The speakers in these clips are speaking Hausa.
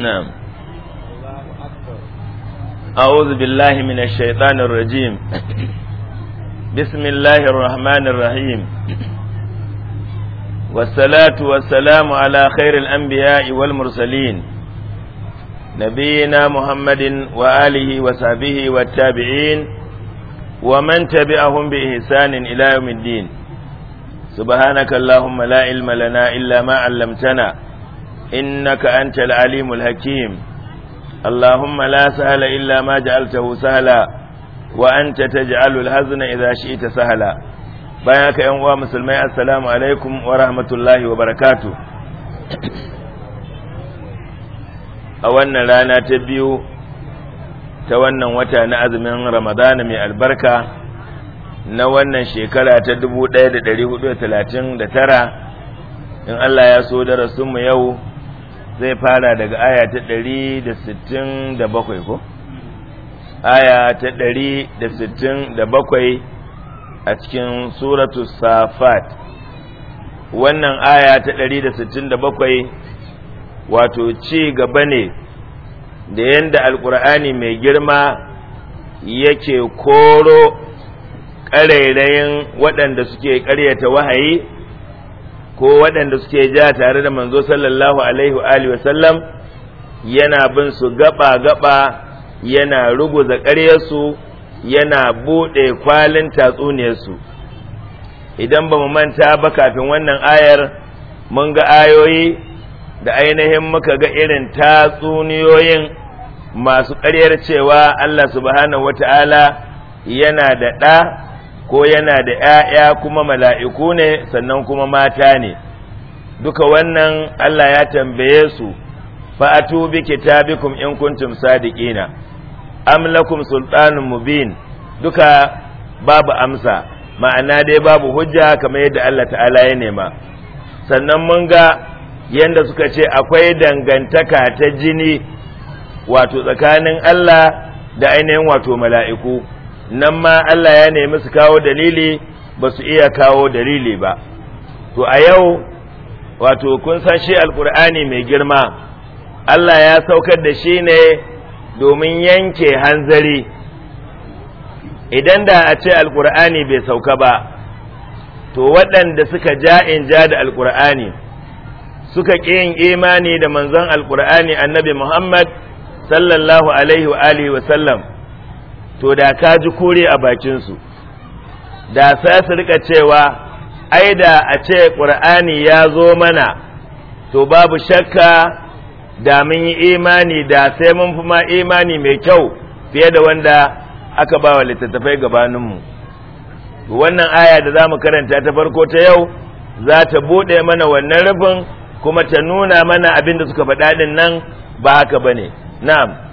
na'am أعوذ بالله من الشيطان الرجيم بسم الله الرحمن الرحيم والصلاة والسلام على خير الأنبياء والمرسلين نبينا محمد وآله وصحبه والتابعين ومن تبعهم بإحسان إلى يوم الدين سبحانك اللهم لا علم لنا إلا ما علمتنا إنك أنت العليم الحكيم اللهم لا سهل إلا ما جعلته سهلا وأنت تجعل الهزن إذا شئت سهلا بياك يا أمواء مسلمي السلام عليكم ورحمة الله وبركاته أولنا لانا تبيو تولنا وتعنا أذ من رمضان من البركة نولنا شكرا تدبو دايد دليه دو تلاتين دترا إن الله يسود رسم يوم zai fara daga aya ta ɗari da sittin da bakwai ko aya ta ɗari a cikin suratu safat wannan aya ta ɗari da sittin da bakwai wato ci gaba ne da yadda alkur'ani mai girma yake koro ƙarairayin waɗanda suke ƙaryata wahayi ko waɗanda suke ja tare da manzo sallallahu alaihi wa alihi wasallam yana bin su gaba gaba yana ruguza ƙaryarsu yana buɗe kwalin tatsuniyarsu idan ba mu manta ba kafin wannan ayar mun ga ayoyi da ainihin muka ga irin tatsuniyoyin masu ƙaryar cewa Allah subhanahu wata'ala yana da ɗa ko yana da ‘ya'ya kuma mala'iku ne sannan kuma mata ne, duka wannan Allah ya tambaye su, fa'atu bi kitabikum in kuntum sadiqina am lakum sultanun mubin duka babu amsa, ma'ana dai babu hujja kamar yadda Allah ta'ala ya nema. Sannan mun ga yadda suka ce akwai dangantaka ta jini wato tsakanin Allah da ainihin wato mala'iku. nan ma Allah ya nemi su kawo dalili ba su iya kawo dalili ba to a yau wato kun san shi alkur'ani mai girma Allah ya saukar da shi ne domin yanke hanzari idan da a ce alkur'ani bai sauka ba to waɗanda suka ja in ja da alkur'ani suka ƙi yin imani da manzon alkur'ani annabi muhammad sallallahu alaihi wa wa sallam to da ka ji kore a bakinsu da sai su rika cewa ai da a ce ƙur'ani ya zo mana to babu shakka da mun yi imani da sai mun fi ma imani mai kyau fiye da wanda aka ba wa littattafai gabaninmu wannan aya da za mu karanta ta farko ta yau za ta buɗe mana wannan rufin kuma ta nuna mana abin da suka faɗa nan ba haka bane, ne na'am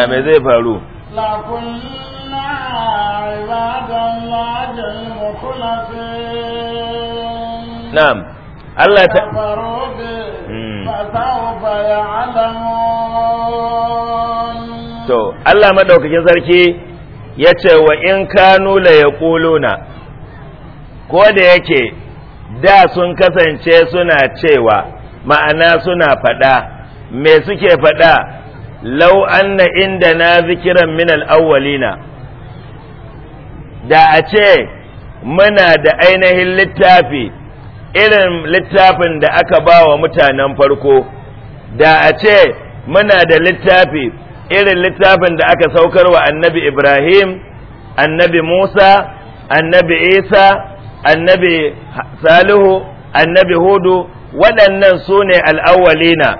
da me zai faru na'am Allah ta hmm. to Allah madaukakin sarki ya ce wa in kanu la yaquluna ko da yake da sun kasance suna cewa ma'ana suna faɗa me suke faɗa Lauanna inda na zikiran min al'awwalina da a ce muna da ainihin littafi irin littafin da aka ba wa mutanen farko da a ce muna da littafi irin littafin da aka saukar wa annabi ibrahim annabi musa annabi isa annabi salihu annabi hudu waɗannan su ne al'awwalina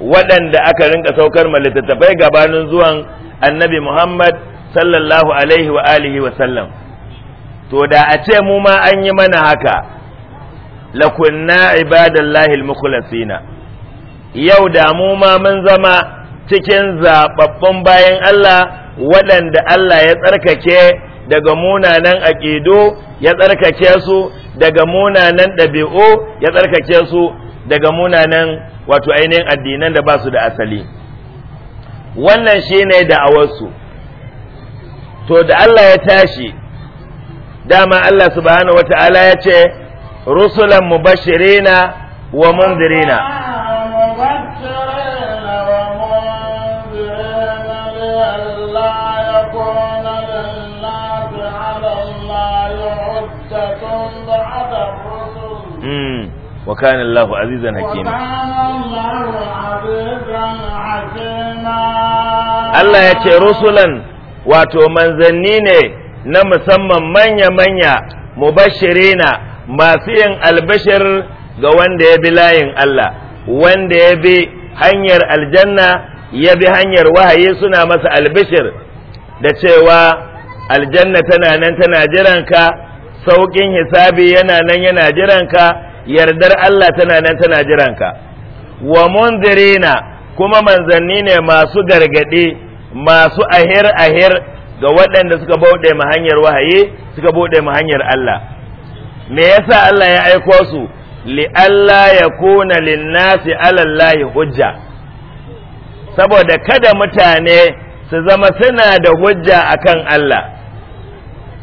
waɗanda aka rinka saukar ma littattafai gabanin zuwan annabi Muhammad sallallahu alaihi wa alihi wa sallam to da a ce mu ma an yi mana haka lakunna ibadallahi almukhlasina yau da mu ma mun zama cikin zababbun bayan Allah waɗanda Allah ya tsarkake daga munanan aƙidu ya tsarkake su daga munanan ɗabi'u ya tsarkake su daga munanan wato ainihin addinan da ba su da asali wannan shi shine da'awarsu to da Allah ya tashi dama Allah subhanahu ta'ala ya ce rusulan mubashirina wa mundirina وكان الله عزيزا حكيما Allah ya ce rusulan wato manzanni ne na musamman manya-manya mubashirina masu yin albashir ga wanda ya bi layin Allah wanda ya bi hanyar aljanna ya bi hanyar wahayi suna masa albishir. da cewa aljanna tana nan tana jiranka sauƙin hisabi yana nan yana jiranka yardar Allah tana nan tana jiranka wa munzirina kuma manzanni ne masu gargade masu ahir ahir ga waɗanda suka bauɗe mu hanyar wahayi suka bauɗe mu hanyar Allah me yasa Allah ya aiko su li Allah ya kuna linnasi alallahi hujja saboda kada mutane su zama suna da hujja akan Allah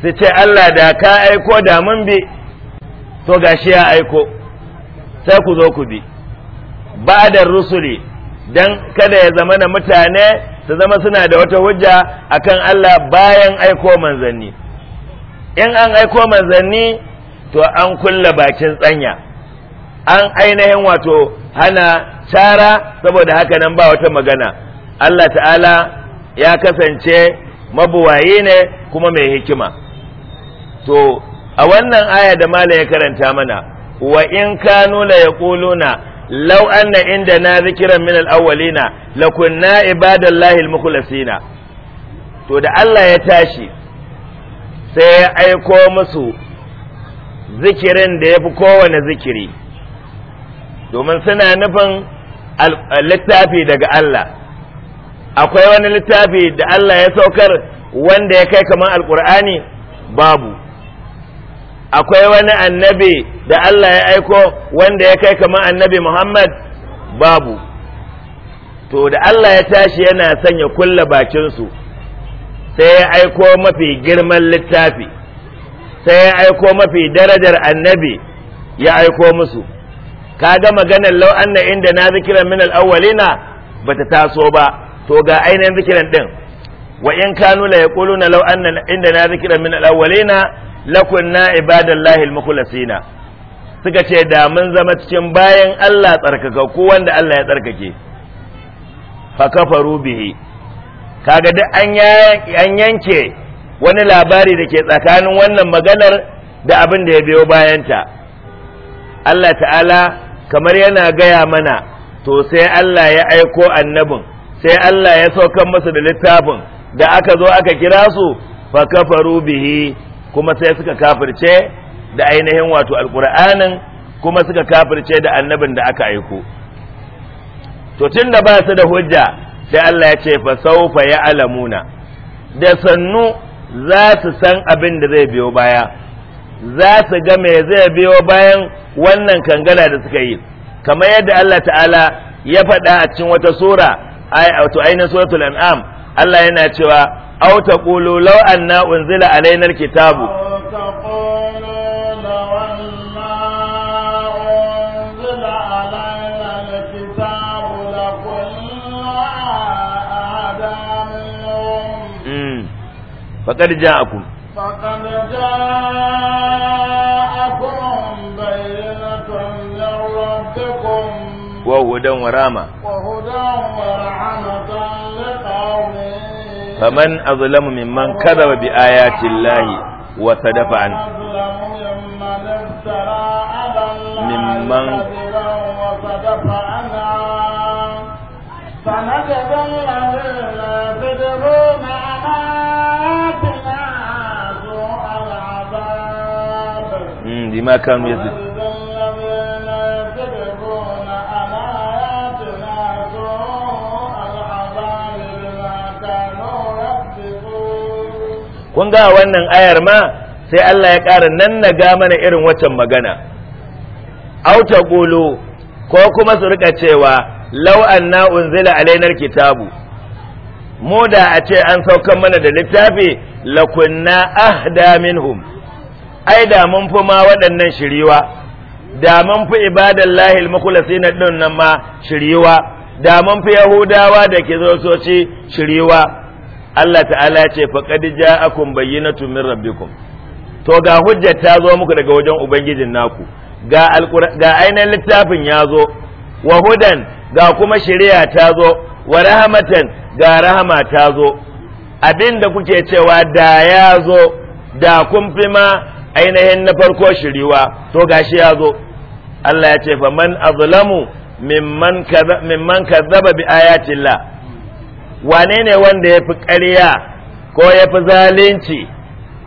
su ce Allah da ka aiko da mun bi to gashi ya aiko sai ku zo ku bi ba da rusuli dan kada ya zama na mutane su zama suna da wata hujja akan Allah bayan aiko manzanni in an aiko manzanni to an kulla bakin tsanya an ainihin wato hana cara saboda haka nan ba wata magana Allah ta'ala ya kasance mabuwaye ne kuma mai hikima to a wannan aya da Malam ya karanta mana wa in kanu la yaquluna law anna indana zikran min al-awwalina lakunna ibadallahi al-mukhlasina to da Allah ya tashi sai ya aiko musu zikirin da yafi kowane zikiri domin suna nufin littafi daga Allah akwai wani littafi da Allah ya saukar wanda ya kai kamar alkur'ani babu akwai wani annabi da Allah ya aiko wanda ya kai kamar annabi Muhammad babu to da Allah ya tashi yana sanya kulla bakinsu sai ya aiko mafi girman littafi sai ya aiko mafi darajar annabi ya aiko musu Ka ga maganar lau anna inda na zikiran min al'awwalina ba bata taso ba to ga ainihin zikiran din wa in kanu la yaquluna law anna inda na zikiran min al'awwalina. lakunna ibadallahi makulasina suka ce da mun zama cikin bayan Allah tsarkaka ko wanda Allah ya tsarkake fa kafaru bihi kaga duk an yanke wani labari da ke tsakanin wannan maganar da abin da ya biyo bayanta Allah ta'ala kamar yana gaya mana to sai Allah ya aiko annabin sai Allah ya saukan masa da littafin da aka zo aka kira su fa kafaru bihi kuma sai suka kafirce da ainihin wato alkur'anin kuma suka kafirce da annabin da aka aiko to tun da ba su da hujja sai Allah ya ce fa saufa ya alamuna da sannu za su san abin da zai biyo baya za su ga me zai biyo bayan wannan kangana da suka yi kamar yadda Allah ta'ala ya faɗa a cikin wata sura wato ainihin suratul an'am Allah yana cewa Hauta ƙulullo, ana unzula a lainar kitabu. Ta ƙolo da wannan unzula a lainar kitabu da kunnuwa wa dukku. Wa hudan warama. فمن أظلم ممن كذب بآيات الله وصدف عنه ممن فنجد الله الذي ما كانوا يزيد kun ga wannan ayar ma sai Allah ya ƙara nan na ga mana irin waccan magana auta gulu ko kuma su rika cewa law anna unzila lainar kitabu mu da a ce an saukan mana da littafi lakunna ahda minhum ai da mun fi ma waɗannan shiriwa da mun fi lahil almukhlasina din nan ma shiriwa da mun fi yahudawa da kizosoci shiriwa Allah ta'ala ya ce faqad ja'akum bayyinatun min rabbikum to ga hujjar ta zo muku daga wajen ubangijin naku ga ga ainihin littafin ya zo wa hudan ga kuma shari'a ta zo wa rahmatan ga rahama ta zo abinda kuke cewa da ya zo da kun fi ma ainihin na farko shiriwa to ga shi ya zo Allah ya ce fa man azlamu mimman kazzaba bi ayatillah wane ne wanda ya fi ƙarya ko ya fi zalunci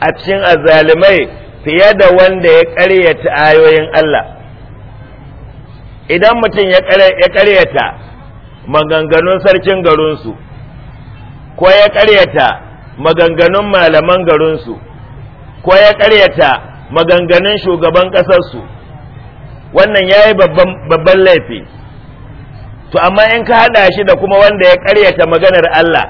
a cikin azalimai fiye da wanda ya ƙaryata ayoyin Allah idan mutum ya ƙaryata maganganun sarkin garinsu ko ya ƙaryata maganganun malaman garinsu ko ya ƙaryata maganganun shugaban ƙasarsu wannan ya yi babban laifi to amma in ka hada shi da kuma wanda ya karyata maganar Allah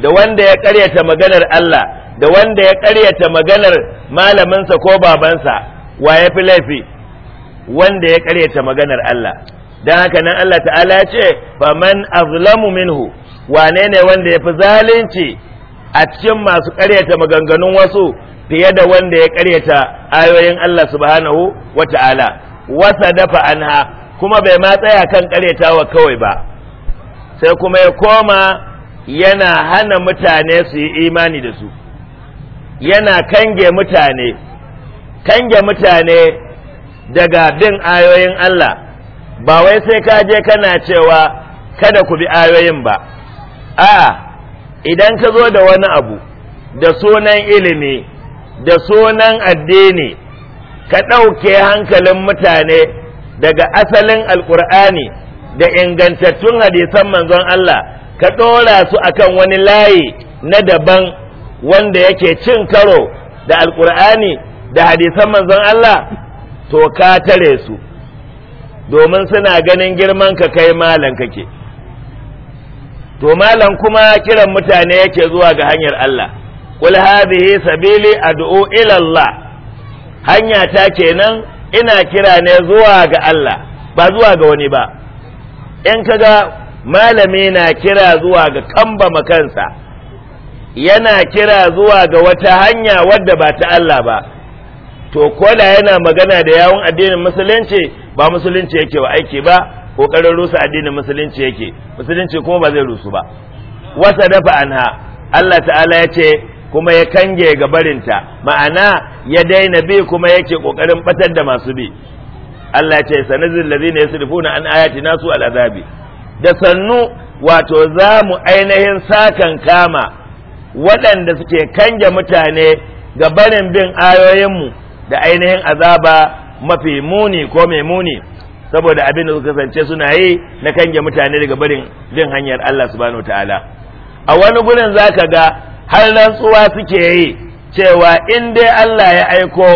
da wanda ya karyata maganar Allah da wanda ya karyata maganar malaminsa ko babansa wa ya fi laifi wanda ya karyata maganar Allah dan haka nan Allah ta'ala ya ce faman azlamu minhu wane ne wanda ya fi zalunci a cikin masu karyata maganganun wasu fiye da wanda ya karyata ayoyin Allah subhanahu wa ta'ala wasa dafa anha kuma bai ma tsaya kan karetawa kawai ba sai kuma ya koma yana hana mutane su yi imani da su yana kange mutane kange mutane daga bin ayoyin Allah ba wai sai ka je kana cewa kada ku bi ayoyin ba a'a idan ka zo da wani abu da sunan ilimi da sunan addini ka ɗauke hankalin mutane daga asalin alkur'ani da ingantattun hadisan manzon Allah ka ɗora su akan wani layi na daban wanda yake cin karo da alkur'ani da hadisan manzon Allah to ka tare su domin suna ganin girman ka kai malan kake to malam kuma kiran mutane yake zuwa ga hanyar Allah qul hadhihi sabili ad'u ila Allah hanya ta kenan ina kira ne zuwa ga Allah ba zuwa ga wani ba in kaga malami na kira zuwa ga kambama kansa yana kira zuwa ga wata hanya wadda ba ta Allah ba to kola yana magana da yawun addinin musulunci ba musulunci yake wa aiki ba kokarin rusa addinin musulunci yake musulunci kuma ba zai rusu ba wasa dafa anha Allah ta'ala ya ce kuma ya kange ga barinta ma'ana ya daina bi kuma yake kokarin batar da masu bi Allah ce sanazil ladina yasrifuna an ayatina su al'azabi da sannu wato za mu ainihin sakan kama waɗanda suke kange mutane ga barin bin ayoyinmu da ainihin azaba mafi muni ko mai muni saboda abin da suka kasance suna yi na kange mutane daga barin bin hanyar Allah subhanahu ta'ala a wani gurin zaka ga har rantsuwa suke yi cewa in dai Allah ya aiko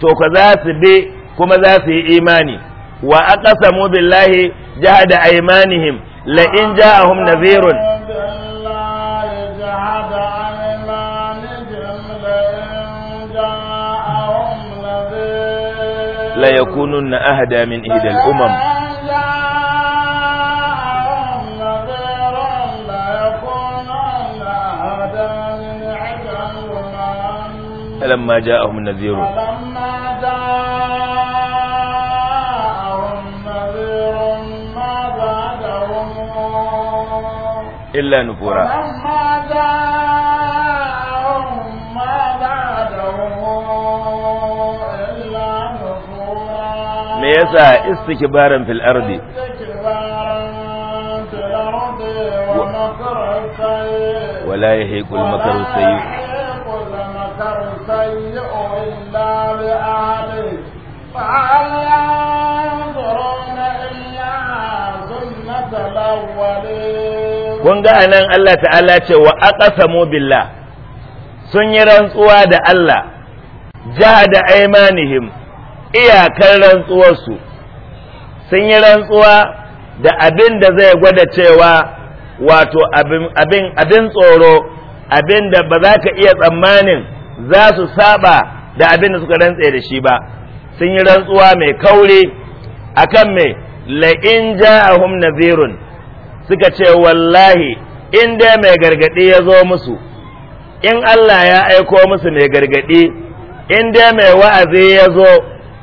to ka za su bi kuma za su yi imani wa samu billahi jihada aymanihim la in ja'ahum nadhirun la yakununna ahada min ihdal umam فلما جاءهم النذير فلما جاءهم نذير ما زادهم إلا نفورا فلما جاءهم ما زادهم إلا نفورا ليسا استكبارا في الأرض ولا يهيك المكر السيء kun ga anan Allah ta'ala ce wa aqasamu billah sun yi rantsuwa da Allah jahada aimanihim iyakar rantsuwarsu sun yi rantsuwa da abin da zai gwada cewa wato abin abin tsoro abin da ba za ka iya tsammanin za su saba da abin da suka rantse da shi ba sun yi rantsuwa mai kauri akan mai la'in ja'ahum nazirun suka ce wallahi in dai mai gargadi ya zo musu in Allah ya aiko musu mai gargadi in dai mai wa'azi ya zo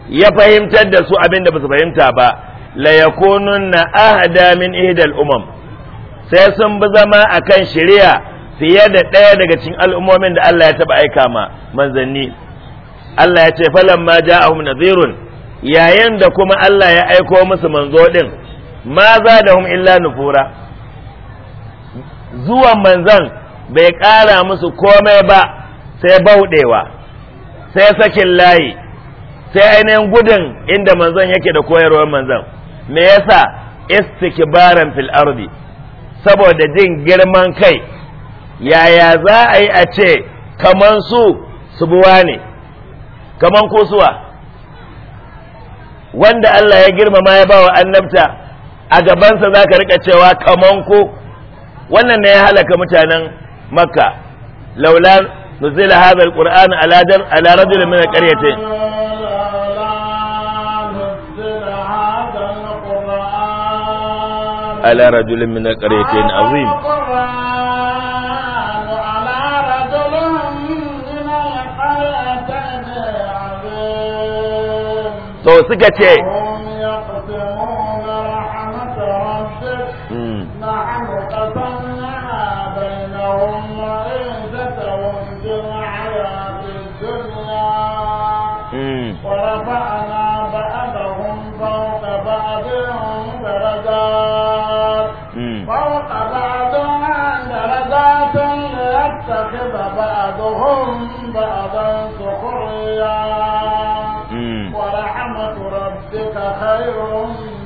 ya fahimtar da su abin da ba su fahimta ba la yakununna ahada min ihdal umam sai sun bi zama akan shari'a fiye da ɗaya daga cikin al'ummomin da Allah ya taɓa aika ma manzanni Allah ya ce falamma ja'ahum nadhirun yayin da kuma Allah ya aiko musu manzo din ma hum illa nufura zuwan manzan bai ƙara musu komai ba sai bauɗewa sai sakin layi sai ainihin gudun inda manzon yake da koyarwar manzon me yasa istikbaran fil ardi saboda jin girman kai yaya za a yi a ce kaman su subuwa ne kaman kosuwa wanda Allah ya girmama ya bawa annabta a gabansa za ka rika cewa kaman ko wannan ne ya halaka mutanen makka laula nuzila hadha alquran ala ala rajul min alqaryatayn ala rajul min القريتين azim to suka ce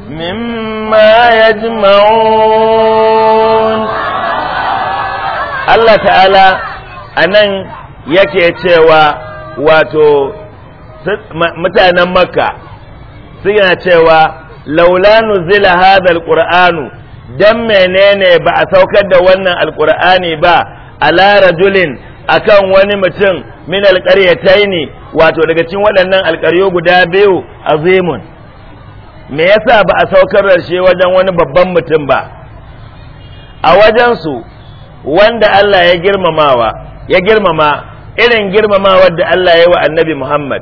مما يجمعون Allah ta'ala a nan yake cewa wato mutanen makka suna cewa laula nuzila hadha alqur'anu dan menene ba a saukar da wannan alƙur'ani ba ala rajulin akan wani mutum min ne wato daga cikin waɗannan alqaryo guda biyu azimun me yasa ba a saukar da shi wajen wani babban mutum ba a wajensu wanda Allah ya girmamawa ya girmama irin girmamawa da Allah ya wa annabi Muhammad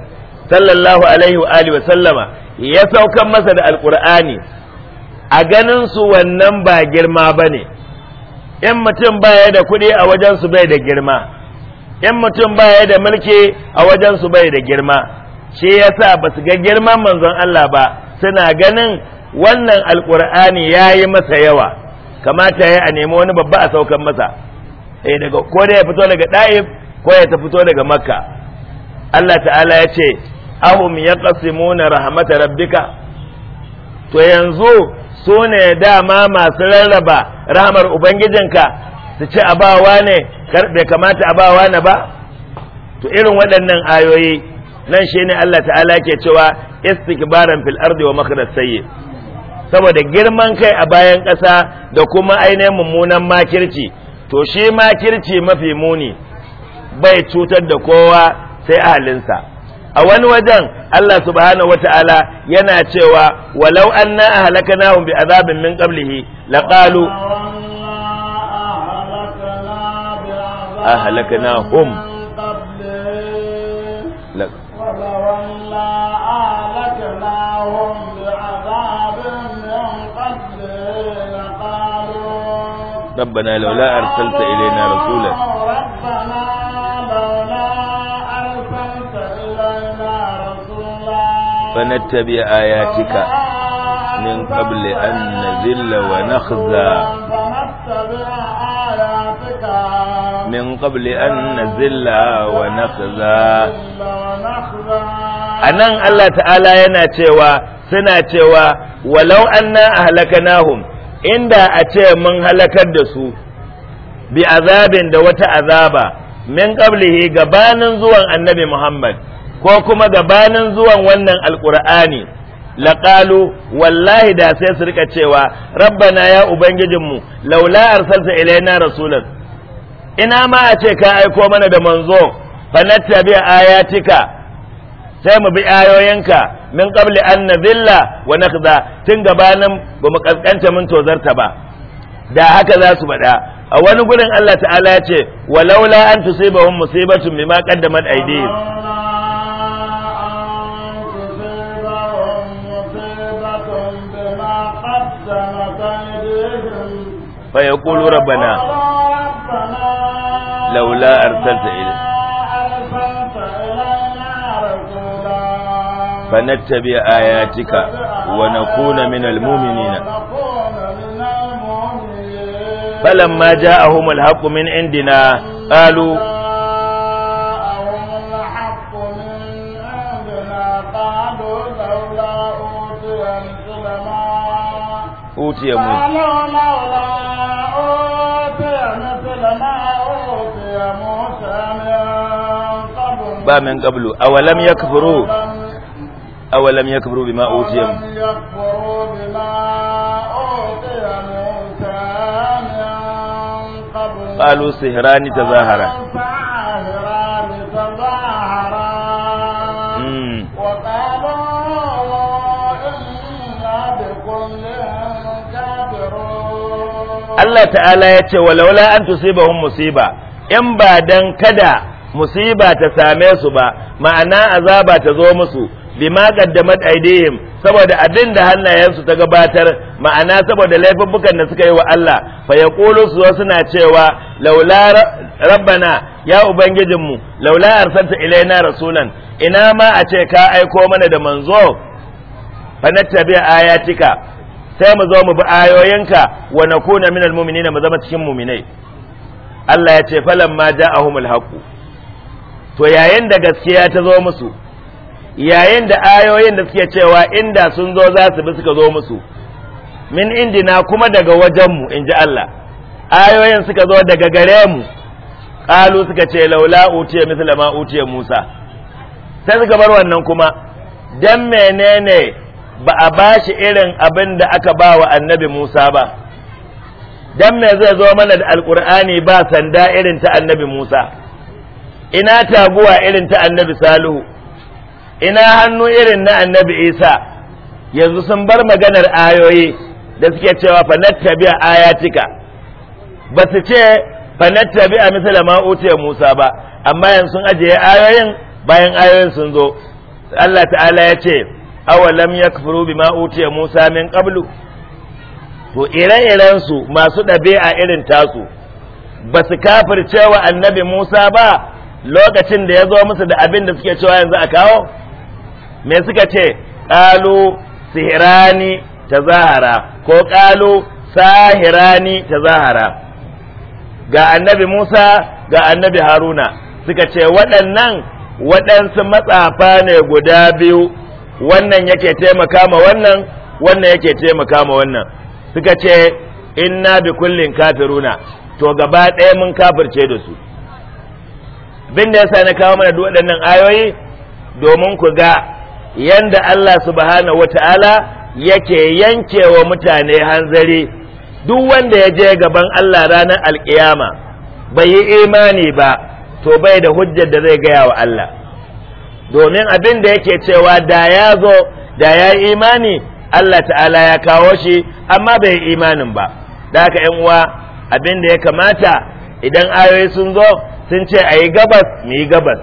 sallallahu alaihi wa alihi wa sallama ya saukar masa da alkur'ani a ganin su wannan ba girma bane in mutum baya da kuɗi a wajensu bai da girma in mutum baya da mulki a wajen su bai da girma shi yasa ba su ga girman manzon Allah ba suna ganin wannan alkur'ani ya yi masa yawa kamata ya a nemi wani babba a saukan masa eh daga ko da ya fito daga da'ib ko ya ta fito daga makka Allah ta'ala ya ce ahum yaqsimuna rahmata rabbika to yanzu su ne dama masu rarraba rahmar ubangijinka su ce abawa ne bai kamata abawa ne ba to irin waɗannan ayoyi nan shi ne Allah ta'ala ke cewa istikbaran fil ardi wa makhraj sayyi saboda girman kai a bayan ƙasa da kuma ainihin mummunan makirci to shi makirci mafi muni bai cutar da kowa sai ahalinsa a wani wajen Allah subhanahu wata'ala yana cewa walau anna ahlaknahum bi azabin min qablihi laqalu ahlaknahum ربنا لولا أرسلت إلينا رسولا ربنا لولا أرسلت إلينا رسولا فنتبع آياتك من قبل أن نذل ونخزى من قبل أن نذل ونخزى anan Allah ta'ala yana cewa suna cewa walau anna ahlakanahum inda a ce mun halakar da su bi azabin da wata azaba min qablihi gabanin zuwan annabi Muhammad ko kuma gabanin zuwan wannan alqur'ani laqalu wallahi da sai su rika cewa rabbana ya ubangijinmu laula arsalta ilaina rasulan ina ma a ce ka aiko mana da manzo fanattabi ayatika sai mu bi ayoyinka min qabli an nadhilla wa nakhza tun gabanin ba mu kaskanta mun tozarta ba da haka za su faɗa a wani gurin Allah ta'ala ya ce walaula an tusibahum musibatun bima qaddamat aydihim fa yaqulu rabbana laula arsalta ilayna فنتبع آياتك ونكون من المؤمنين فلما جاءهم الحق من عندنا قالوا أوتي موسى من قبل أولم يكفروا أولم يكبروا بما أوتي قالوا سهران تظاهرا Allah ta'ala ya ce walaula an tusibahum musiba in ba dan kada musiba ta same su ba ma'ana azaba ta zo musu bima qaddamat aydihim saboda abin da hannayensu ta gabatar ma'ana saboda laifuffukan da suka yi wa Allah fa yaqulu su suna cewa laula rabbana ya ubangijinmu laula arsalta ilaina rasulan ina ma a ce ka aiko mana da manzo fa nattabi ayatika sai mu zo mu bi ayoyinka wa nakuna minal mu'minina mu zama cikin mu'minai Allah ya ce falamma ja'ahumul haqq to yayin da gaskiya ta zo musu yayin da ayoyin da suke cewa inda sun zo za su bi suka zo musu min indina kuma daga wajenmu in ji Allah ayoyin suka zo daga gare mu ƙalu suka ce laula utiya misla ma utiya Musa sai suka bar wannan kuma dan menene ba a ba shi irin abin da aka ba wa annabi Musa ba dan me zai zo mana da alkur'ani ba sanda irin ta annabi Musa ina taguwa irin ta annabi Salihu ina hannu irin na annabi isa yanzu sun bar maganar ayoyi da suke cewa fanattabi'a ayatika ba su ce fanattabi'a misali ma utiya musa ba amma yanzu sun ajiye ayoyin bayan ayoyin sun zo Allah ta'ala ya ce awalam yakfuru bima utiya musa min qablu to ire-iren su masu ɗabi'a irin tasu ba su kafircewa annabi musa ba lokacin da ya zo musu da abin da suke cewa yanzu a kawo me suka ce qalu sihirani ta tazahara ko ƙalu sahirani ta tazahara ga annabi Musa ga annabi Haruna suka ce waɗannan waɗansu matsafa ne guda biyu wannan yake taimaka ma wannan wannan yake taimaka ma wannan suka ce inna bi kullin kafiruna to gaba ɗaya mun kafirce da su bin da yasa na kawo mana duk waɗannan ayoyi domin ku ga yanda Allah subhanahu ta'ala yake yankewa mutane hanzari duk wanda ya je gaban Allah ranar alkiyama bai yi imani ba to bai da hujjar da zai gaya wa Allah domin abin da yake cewa da ya zo da ya yi imani Allah ta'ala ya kawo shi amma bai yi imanin ba da haka yan uwa abin da ya kamata idan ayoyi sun zo sun ce a yi gabas mu yi gabas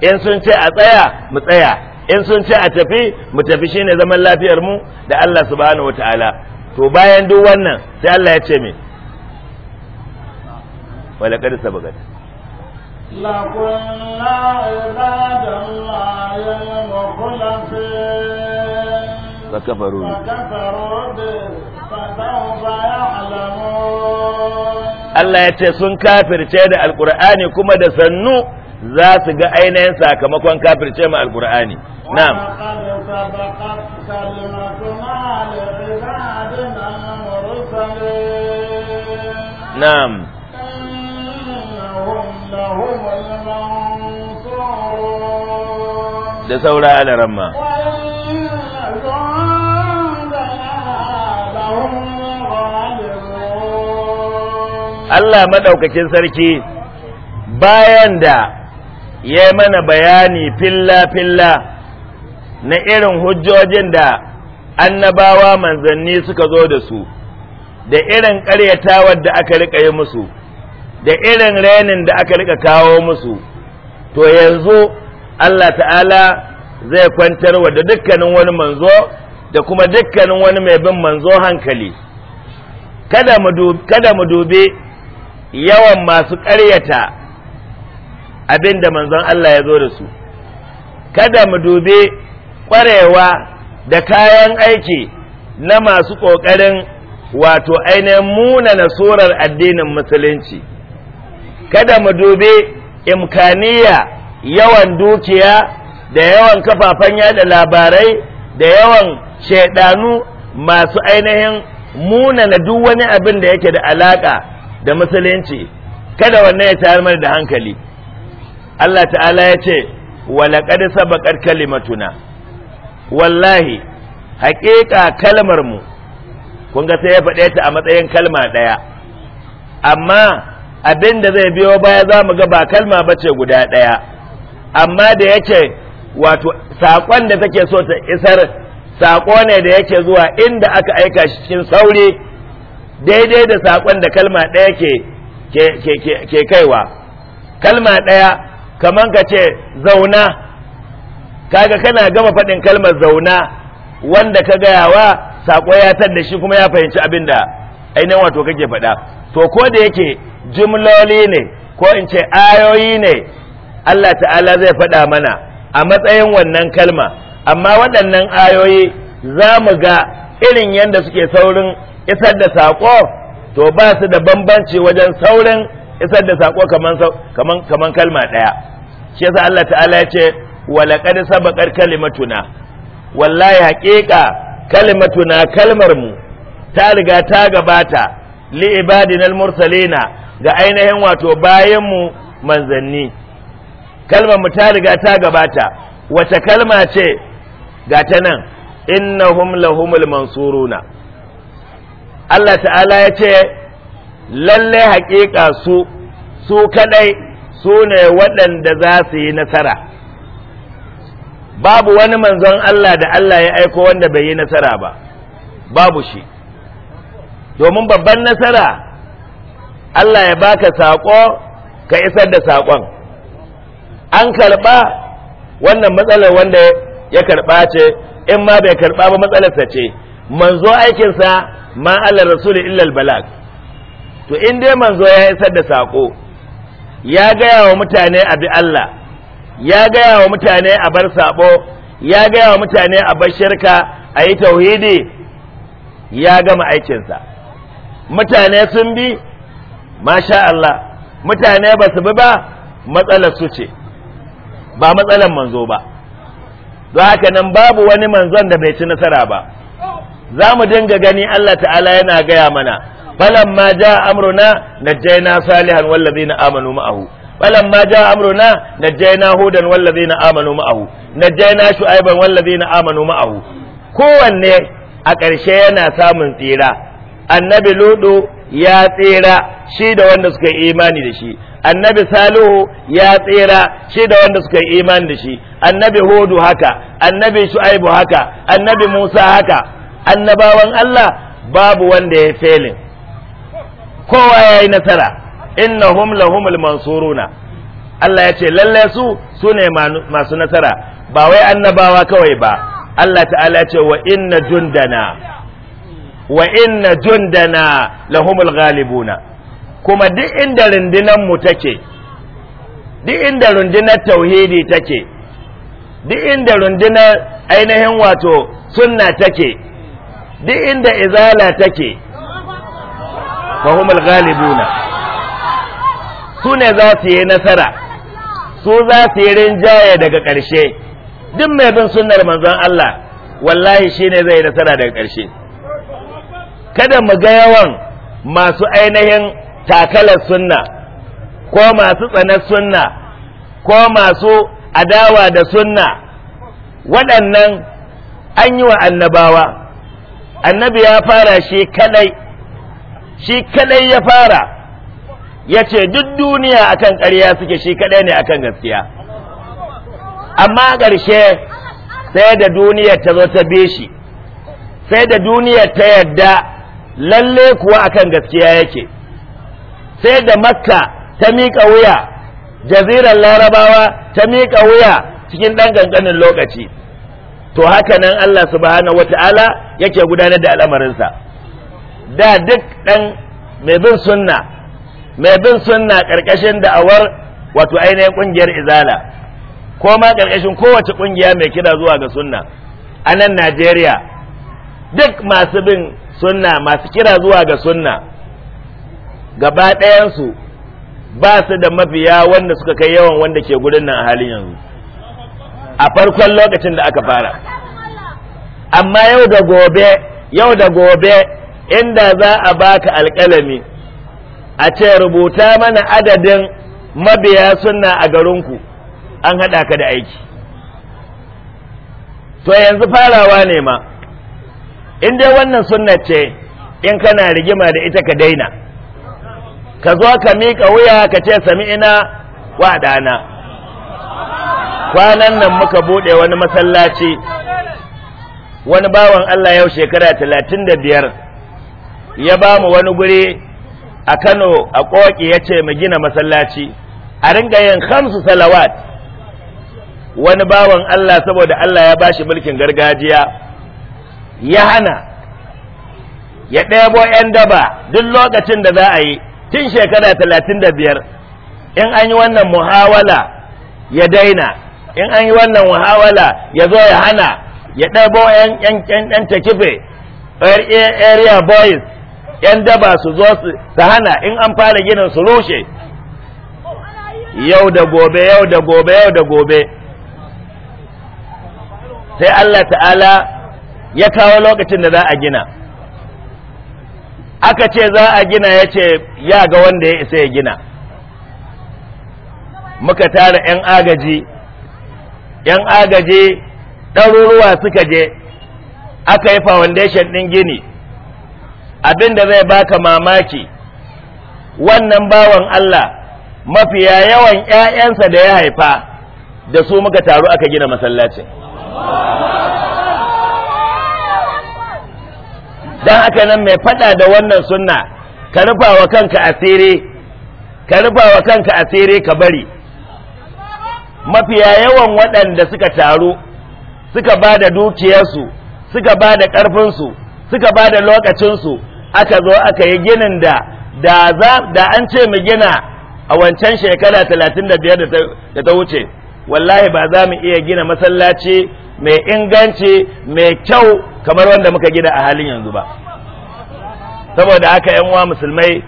in sun ce a tsaya mu tsaya in sun ce a tafi mu tafi shine zaman lafiyar mu da Allah subhanahu wataala to bayan duk wannan sai Allah ya ce me walaqad sabagat لَقُنَّا عِبَادَ اللَّهِ الْمُخْلَصِينَ فَكَفَرُوا فَكَفَرُوا بِهِ فَسَوْفَ يَعْلَمُونَ Allah ya ce sun kafirce da Alƙur'ani kuma da sannu za su ga ainihin sakamakon kafirce ma alkur'ani na'am na'am da saura alaramma Allah maɗaukakin sarki bayan da ya mana bayani filla-filla na irin hujjojin da annabawa manzanni suka zo da su da irin ƙaryatawar da aka rika yi musu da irin renin da aka rika kawo musu to yanzu Allah ta'ala zai kwantar wa da dukkanin wani manzo da kuma dukkanin wani mai bin manzo hankali kada mu dubi yawan masu ƙaryata abin da manzon Allah ya zo da su kada mu dube ƙwarewa da kayan aiki na masu ƙoƙarin wato ainihin munana surar addinin musulunci kada mu dube imkaniya yawan dukiya da yawan kafafen yada labarai da yawan shaidanu masu ainihin munana duk wani abin da yake da alaƙa da musulunci kada wannan ya tarmar da hankali Allah ta'ala ya ce walaƙad sabaƙar kalimatuna wallahi haƙiƙa kalmar mu kun ga sai ya faɗe ta a matsayin kalma ɗaya amma abin da zai biyo baya za mu ga ba kalma ba ce guda ɗaya amma da yake wato saƙon da take so ta isar saƙo ne da yake zuwa inda aka aika shi cikin sauri daidai da saƙon da kalma ɗaya ke kaiwa kalma ɗaya kaman ka ce zauna kaga kana gama faɗin kalmar zauna wanda ka gaya wa sako ya tar da shi kuma ya fahimci abin da ainihin wato kake faɗa to ko da yake jimloli ne ko in ce ayoyi ne Allah ta'ala zai faɗa mana a matsayin wannan kalma amma waɗannan ayoyi za mu ga irin yadda suke saurin isar da saƙo to ba su da bambanci wajen saurin isar da sako kaman kalma ɗaya shi yasa Allah ta'ala ya ce wa laqad sabaqat kalimatuna wallahi haqiqa kalimatuna kalmar mu ta riga ta gabata li ibadinal mursalina ga ainihin wato bayan mu manzanni kalmar mu ta riga ta gabata wace kalma ce ga ta nan innahum lahumul mansuruna Allah ta'ala ya ce Lallai haƙiƙa su su kadai su ne waɗanda za su yi nasara babu wani manzon Allah da Allah ya aiko wanda bai yi nasara ba babu shi domin babban nasara Allah ya baka saƙo ka isar da saƙon an karɓa wannan matsalar wanda ya karɓa ce in ma bai karɓa ba matsalarsa ce manzo aikinsa ma Allah rasulun illal balag to in dai manzo ya isar da sako ya gaya wa mutane a bi Allah ya gaya wa mutane a bar sabo ya gaya wa mutane a bar shirka a yi tauhidi ya gama aikinsa mutane sun bi masha Allah mutane ba su bi ba matsalar su ce ba matsalar manzo ba don haka nan babu wani manzon da bai ci nasara ba za mu dinga gani Allah ta'ala yana gaya mana falamma jaa amruna najjayna salihan wallazina amanu ma'ahu falamma jaa amruna najjayna hudan amanu ma'ahu shu'aiban amanu ma'ahu kowanne a ƙarshe yana samun tsira annabi ludu ya tsira shi da wanda suka yi imani da shi annabi salihu ya tsira shi da wanda suka yi imani da shi annabi hudu haka annabi shu'aibu haka annabi musa haka annabawan allah babu wanda ya felin kowa ya yi nasara innahum lahumul mansuruna Allah ya ce lalle su su ne masu nasara ba wai annabawa kawai ba Allah ta'ala ya ce wa inna jundana wa inna jundana lahumul ghalibuna kuma duk inda rundunar mu take duk inda rundunar tauhidi take duk inda rundunar ainihin wato sunna take duk inda izala take fa humul ghalibuna su ne za su yi nasara su za su yi rinjaye daga ƙarshe duk mai bin sunnar manzon Allah wallahi shine zai nasara daga ƙarshe kada mu ga yawan masu ainihin takalar sunna ko masu tsanar sunna ko masu adawa da sunna waɗannan an yi wa annabawa annabi ya fara shi kadai shi kadai ya fara ya ce duk duniya akan ƙarya suke shi kadai ne akan gaskiya amma ƙarshe sai da duniya ta zo ta be shi sai da duniya ta yadda lalle kuwa akan gaskiya yake sai da makka ta miƙa wuya jazirar larabawa ta miƙa wuya cikin ɗan ganganin lokaci to haka nan allah subhanahu wata'ala yake gudanar da al'amarinsa da duk ɗan mai bin sunna mai bin sunna ƙarƙashin da'awar wato ainihin ƙungiyar izala ko ma ƙarƙashin kowace ƙungiya mai kira zuwa ga sunna a nan najeriya duk masu bin sunna masu kira zuwa ga sunna gaba ɗayansu ba su da mafiya wanda suka kai yawan wanda ke gudun nan a halin yanzu a farkon lokacin da aka fara amma yau da gobe yau da gobe inda za a baka alƙalami a ce rubuta mana adadin mabiya sunna a garinku an haɗa ka da aiki to yanzu farawa ne ma in dai wannan sunna ce in kana rigima da ita ka daina ka zo ka miƙa wuya ka ce sami ina wa ɗana kwanan nan muka buɗe wani masallaci wani bawan Allah yau shekara talatin da biyar ya ba mu wani guri a Kano a ƙoƙi ya ce mu gina masallaci a ringa yin hamsu salawat wani bawan Allah saboda Allah ya bashi mulkin gargajiya ya hana ya ɗebo 'yan daba duk lokacin da za a yi tun shekara talatin da biyar in an yi wannan muhawala ya daina in an yi wannan muhawala ya zo ya hana ya ɗebo 'yan takife area boys 'yan daba su zo su hana in an fara ginin su rushe yau da gobe yau da gobe yau da gobe sai Allah ta'ala ya kawo lokacin da za a gina aka ce za a gina ya ce ya ga wanda ya isa ya gina muka tara 'yan agaji 'yan agaji ɗaruruwa suka je aka yi foundation ɗin gini abin da zai baka mamaki wannan bawan Allah mafiya yawan ‘ya'yansa da ya haifa da su muka taru aka gina masallacin. Don haka nan mai fada da wannan sunna ka rufa wa kanka asiri, ka rufa wa kanka asiri ka bari. Mafiya yawan waɗanda suka taru, suka ba da dukiyarsu, suka ba da ƙarfinsu, suka ba da lokacinsu aka zo aka yi ginin da da an ce mu gina a wancan shekara talatin da biyar ta wuce wallahi ba za mu iya gina masallaci mai inganci mai kyau kamar wanda muka gina a halin yanzu ba saboda haka yan uwa musulmai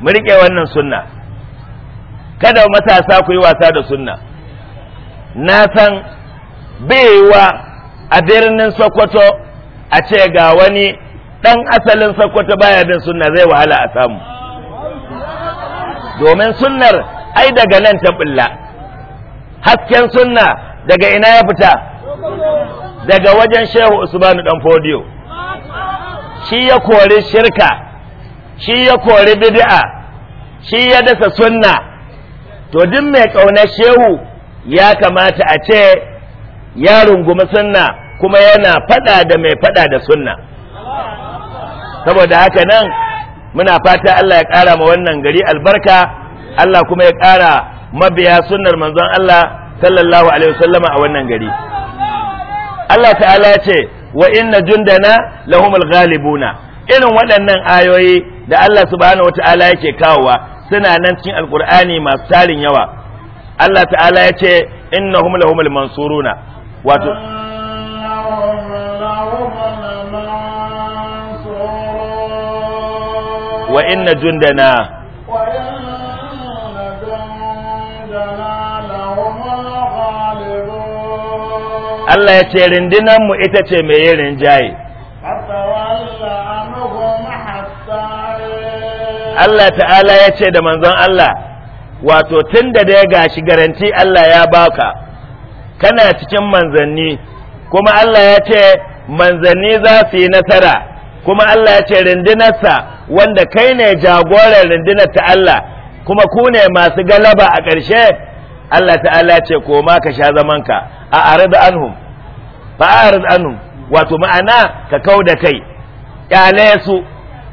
mu rike wannan sunna kada matasa ku yi wasa da sunna na san wa a birnin sokoto a ce ga wani ɗan asalin sakwata baya bin sunna zai wahala a samu domin sunnar ai daga nan ta bulla hasken sunna daga ina ya fita daga wajen shehu usmanu dan fodiyo shi ya kori shirka shi ya kori bid'a shi ya dasa sunna to duk mai ƙaunar shehu ya kamata a ce ya rungumi sunna kuma yana fada da mai fada da sunna saboda haka nan muna fata Allah ya ƙara ma wannan gari albarka Allah kuma ya ƙara mabiya sunnar manzon Allah sallallahu alaihi wasallama a wannan gari Allah ta'ala ya ce wa inna jundana lahumul ghalibuna irin waɗannan ayoyi da Allah subhanahu wata'ala yake kawowa suna nan cikin alkur'ani masu tarin yawa Allah ta'ala ya ce innahum lahumul mansuruna wato wa inna jundana Allah ya ce rindinanmu ita ce mai yin rinjaye. Allah ta'ala ya ce da manzon Allah, wato tun da dai gashi garanti Allah ya baka, kana cikin manzanni, kuma Allah ya ce manzanni za su yi nasara, kuma Allah ya ce rindinarsa wanda kai ne jagoran rundunar ta Allah kuma ku ne masu galaba a ƙarshe Allah ta'ala ce koma ka sha zamanka a arid anhum fa arid anhum wato ma'ana ka kau da kai kyale su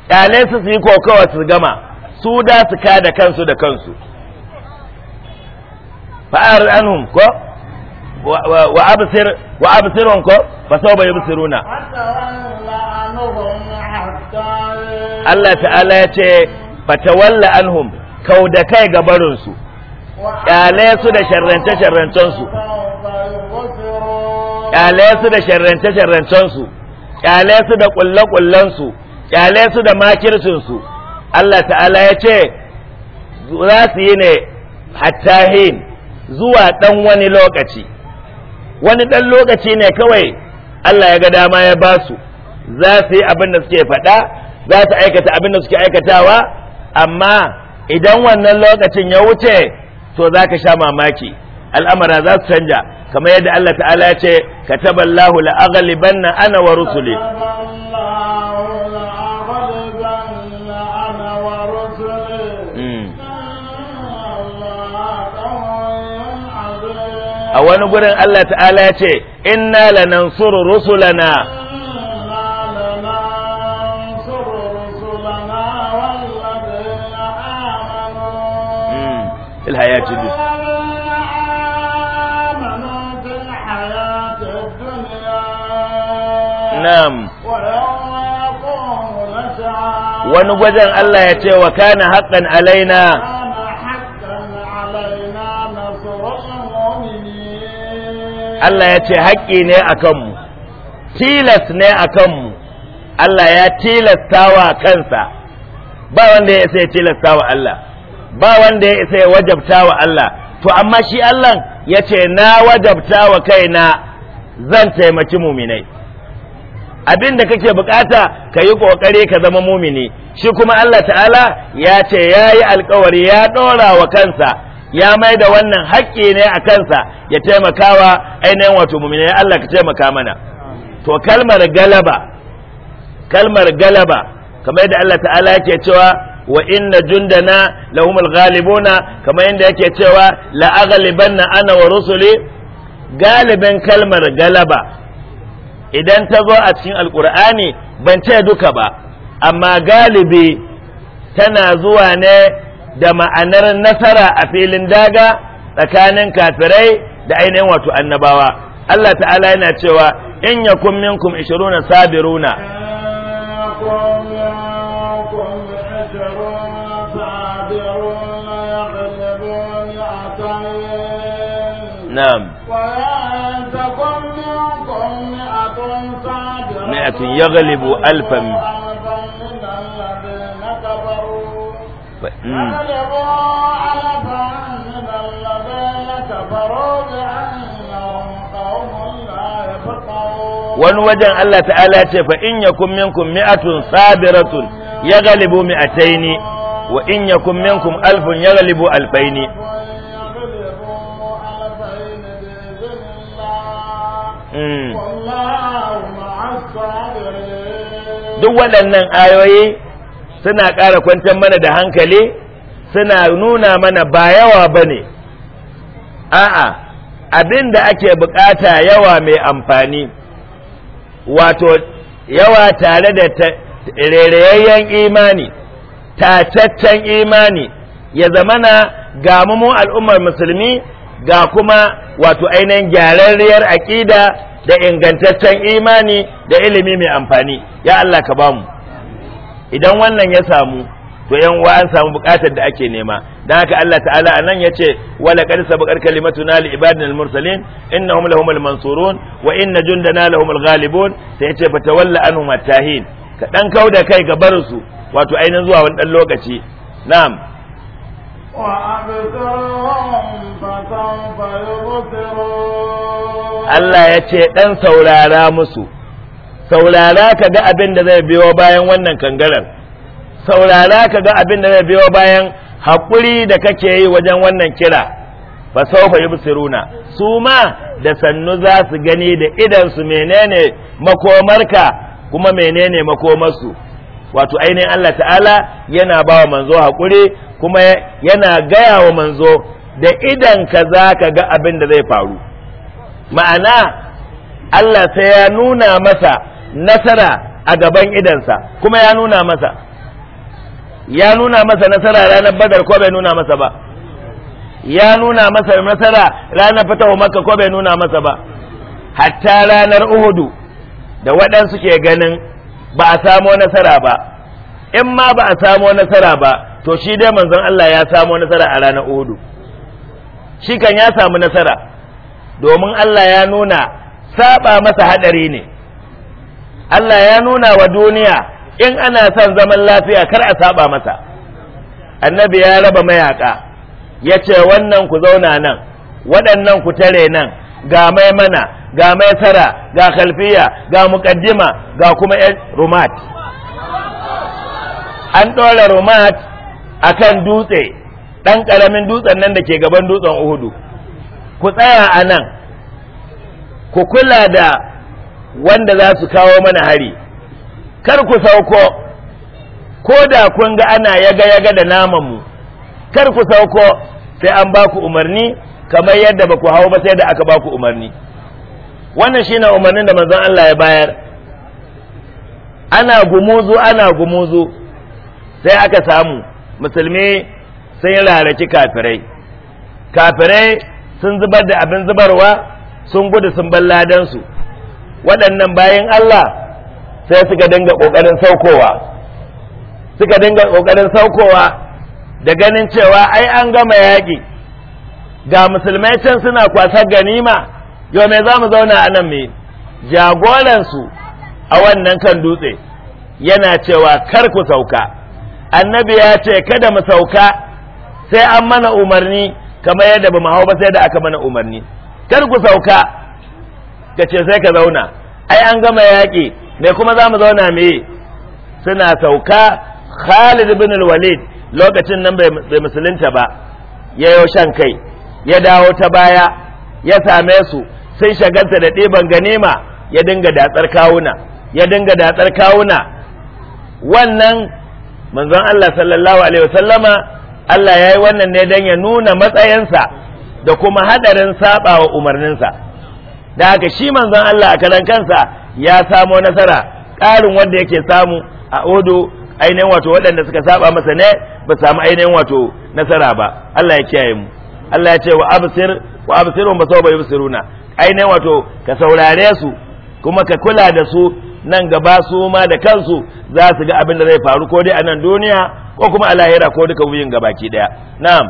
su su yi kokawa su gama su da su ka da kansu da kansu fa arid anhum ko wa absir wa absirun ko fa sawfa yubsiruna hatta an la'anuhum Allah ta'ala ya ce fatawalla anhum kau da kai ga barinsu kyale su da sharrance-sharrancensu kyale su da sharrance-sharrancensu kyale su da kulle-kullensu kyale su da su Allah ta'ala ya ce za su yi ne hattahin zuwa ɗan wani lokaci wani ɗan lokaci ne kawai Allah ya ga dama ya ba su za su yi abin da suke faɗa za su aikata abin da suke aikatawa amma idan wannan lokacin ya wuce to za ka sha mamaki al'amara za su canja kamar yadda Allah ta'ala ya ce kataballahu la'aghlibanna ana wa rusuli hmm. a wani gurin Allah ta'ala ya ce inna lanansuru rusulana الحياة الدنيا Na'am. Wani gwajin Allah ya ce wa kana haƙƙan alaina. Allah ya ce haƙƙi ne a kanmu, tilas ne a kanmu, Allah ya tilasta wa kansa, ba wanda ya sai tilasta wa Allah. ba wanda ya isa ya wajabta wa Allah to amma shi Allah ya ce na wajabta wa kaina zan taimaki muminai abin da kake bukata ka yi kokare ka zama mumini shi kuma Allah ta'ala ya ce ya yi alkawari ya ɗora wa kansa ya mai da wannan haƙƙi ne a kansa ya taimakawa ainihin wato muminai Allah ka taimaka mana to kalmar galaba kalmar galaba kamar yadda Allah ta'ala yake cewa wa inna jundana lahumul ghalibuna kamar yadda yake cewa la aghlibanna ana wa rusuli galibin kalmar galaba idan ta zo a cikin alkur'ani ban ce duka ba amma galibi tana zuwa ne da ma'anar nasara a filin daga tsakanin kafirai da ainihin wato annabawa Allah ta'ala yana cewa in yakun minkum 20 sabiruna نعم مئة mm. wani wajen Allah ta'ala ce fa in yakun minkum mi'atun sabiratun ya galibu mi'ataini wa in yakun minkum alfun ya galibu alfaini duk waɗannan ayoyi suna ƙara kwantar mana da hankali suna nuna mana ba yawa ba ne a'a abin da ake bukata yawa mai amfani wato yawa tare da rereyayyen imani tataccen imani ya zamana ga mu al'ummar musulmi ga kuma wato ainihin gyararriyar aƙida da ingantaccen imani da ilimi mai amfani ya Allah ka bamu idan wannan ya samu to yan uwa an samu bukatar da ake nema dan haka Allah ta'ala anan yace wala qad sabaqat kalimatuna li ibadina al-mursalin innahum al mansurun wa inna jundana al ghalibun sai yace fatawalla anhum at ka dan kauda kai ga barinsu wato ainihin zuwa wani dan lokaci na'am Allah ya ce ɗan saurara musu, saurara ka ga abin da zai biyo bayan wannan kangarar, saurara ka ga abin da zai biyo bayan haƙuri da kake yi wajen wannan kira, fa saufa yi busiruna, su ma da sannu za su gani da idansu menene makomarka kuma menene makomarsu. Wato ainihin Allah ta'ala yana ba wa manzo haƙuri kuma yana gaya wa manzo da idan ka za ka ga abin da zai faru ma'ana Allah sai ya nuna masa nasara a gaban idansa kuma ya nuna masa ya nuna masa nasara ranar badar ko bai nuna masa ba ya nuna masa nasara ranar fatawa makka ko bai nuna masa ba hatta ranar uhudu da waɗansu ke ganin ba a samo nasara ba in ma ba a samo nasara ba to shi dai manzon Allah ya samu nasara a ranar Uhudu shi kan ya samu nasara domin Allah ya nuna saba masa hadari ne Allah ya nuna wa duniya in ana son zaman lafiya kar a saba masa annabi ya raba mayaka ya ce wannan ku zauna nan waɗannan ku tare nan ga mai mana ga mai tsara, ga kalfiya ga muƙaddima ga kuma rumat an ɗora rumat akan dutse ɗan ƙaramin dutsen nan da ke gaban dutsen uhudu ku tsaya a nan ku kula da wanda za su kawo mana hari kar ku sauko ko da kun ga ana yaga-yaga da namanmu kar ku sauko sai an ba ku umarni kamar yadda ba ku hau ba sai da aka ba ku umarni wannan shine umarnin da manzon Allah ya bayar ana gumuzu ana gumuzu sai aka samu musulmi sun raraki kafirai kafirai sun zubar da abin zubarwa sun gudu sun bar ladansu waɗannan bayan Allah sai suka dinga ƙoƙarin saukowa suka dinga ƙoƙarin saukowa da ganin cewa ai an gama yaƙi ga musulmai can suna kwasar ganima yau mai za mu zauna a nan jagoran jagoransu a wannan kan dutse yana cewa kar ku sauka annabi ya ce kada mu sauka sai an mana umarni kamar yadda ba mu hau ba sai da aka mana umarni kar ku sauka ka ce sai ka zauna ai an gama yaƙi me kuma za mu zauna me suna sauka Khalid bin Walid lokacin nan bai musulunta ba ya shan kai ya dawo ta baya ya same su sun shagarta da ɗiban ganima ya dinga datsar kawuna ya dinga datsar kawuna wannan manzon Allah sallallahu alaihi wasallama Allah ya yi wannan ne don ya nuna matsayinsa da kuma hadarin saɓawa umarninsa da haka shi manzon Allah a karan kansa ya samo nasara ƙarin wanda yake samu a odo ainihin wato waɗanda suka saba masa ne ba samu ainihin wato nasara ba Allah ya kiyaye mu Allah ya ce wa absir wa absirun ba sau ba ainihin wato ka saurare su kuma ka kula da su nan gaba su ma da kansu za su ga abin da zai faru ko dai a nan duniya ko kuma a lahira ko duka wuyin gabaki daya na'am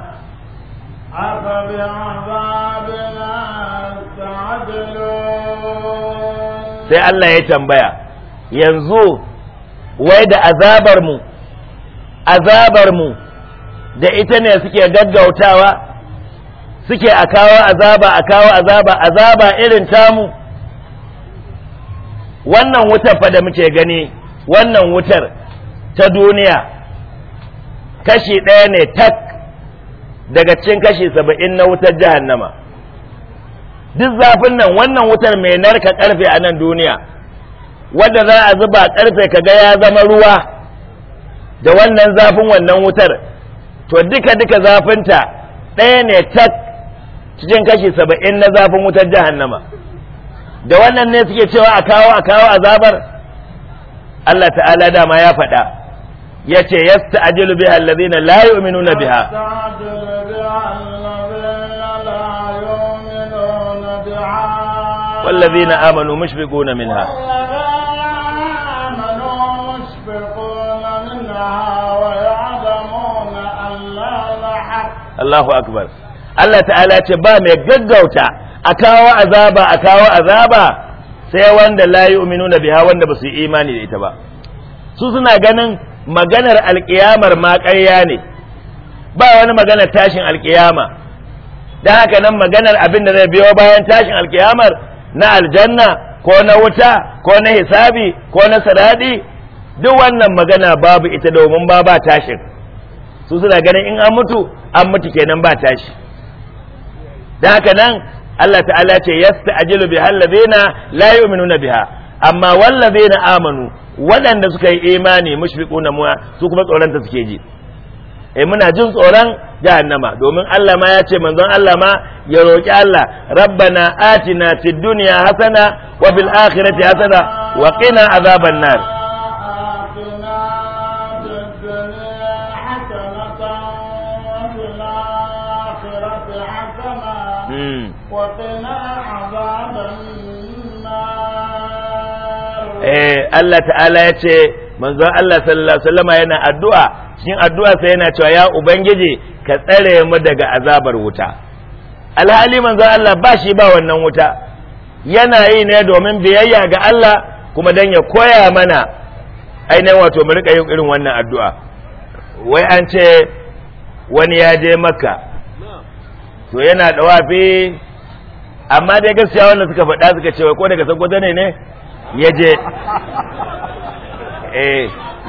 sai Allah ya tambaya yanzu wai da azabar mu azabar mu da ita ne suke gaggautawa suke a kawo azaba a kawo azaba azaba irin tamu wannan wutar fa da muke gani wannan wutar ta duniya kashi ɗaya ne tak daga cikin kashi saba'in na wutar jahannama duk zafin nan wannan wutar mai narka karfe a nan duniya wadda za a zuba karfe kaga ya zama ruwa da wannan zafin wannan wutar to duka duka zafinta ɗaya ne tak cikin kashi saba'in na zafin wutar jahannama da wannan ne suke cewa a kawo a kawo azabar Allah ta'ala dama ya faɗa ya ce yasta'jilu biha allazina la yu'minuna biha والذين آمنوا مشفقون منها Allahu akbar Allah ta'ala ce ba mai gaggauta a kawo azaba a kawo azaba sai wanda la nuna biha wanda ba su yi imani da ita ba su suna ganin maganar alkiyamar ma ƙarya ne ba wani maganar tashin alkiyama dan haka nan maganar abin da zai biyo bayan tashin alkiyamar na aljanna ko na wuta ko na hisabi ko na saradi duk wannan magana babu ita domin ba ba tashin su suna ganin in an mutu an mutu kenan ba tashi da haka nan Allah ta'ala ce yasta'jilu bi hallabina la yu'minuna biha amma na amanu waɗanda suka yi imani mushfiquna mu su kuma tsoron ta suke ji eh muna jin tsoron jahannama domin Allah ma ya ce manzon Allah ma ya roki Allah rabbana atina fid dunya hasana wa fil akhirati hasana wa qina azaban nar eh Allah ta'ala ya ce manzon Allah sallallahu alaihi wasallama yana addu'a cikin addu'a sai yana cewa ya ubangiji ka tsare mu daga azabar wuta alhali manzon Allah ba shi ba wannan wuta yana yi ne domin biyayya ga Allah kuma dan ya koya mana ainihin wato mu rika yin irin wannan addu'a wai an ce wani ya je makka to yana da wafe amma dai gaskiya wannan suka faɗa suka ce ko daga sako ne ne ya je eh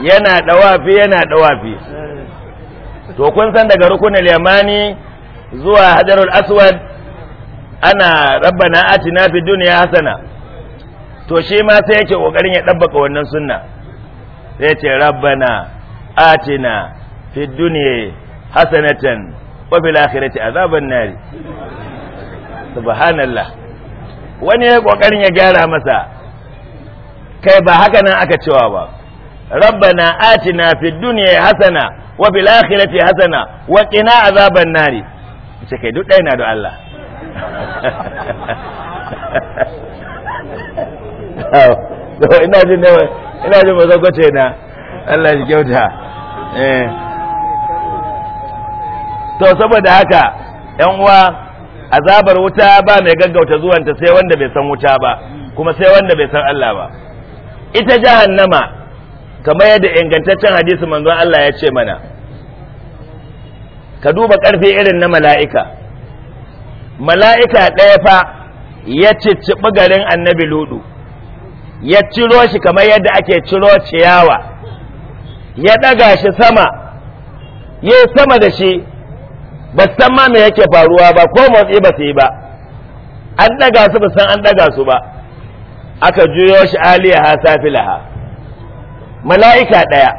yana da wafe yana da wafe to kun san daga rukunin yamani zuwa hajarul aswad ana rabbana atina fi dunya hasana to shi ma sai yake kokarin ya dabbaka wannan sunna sai ya ce rabbana atina fi dunya hasanatan wa fil akhirati azaban nari subhanallah wani ya kokarin ya gyara masa kai ba haka nan aka cewa ba rabbana atina fid dunya hasana wa fil akhirati hasana wa qina azaban nari ce kai duk daina da Allah ina jin ina jin ba na Allah ya kyauta eh to saboda haka yan uwa azabar wuta ba mai gaggauta zuwanta sai wanda bai san wuta ba kuma sai wanda bai san Allah ba ita jahannama kamar yadda ingantaccen hadisi manzon Allah ya ce mana ka duba karfe irin na mala'ika mala'ika ɗaya fa ya cicciɓi garin annabi ludu ya ciro shi kamar yadda ake ciro ciyawa ya ɗaga shi sama ya sama da shi ba san ma me yake faruwa ba ko motsi ba su yi ba an daga su ba san an daga su ba aka juyo shi ha safilaha mala'ika ɗaya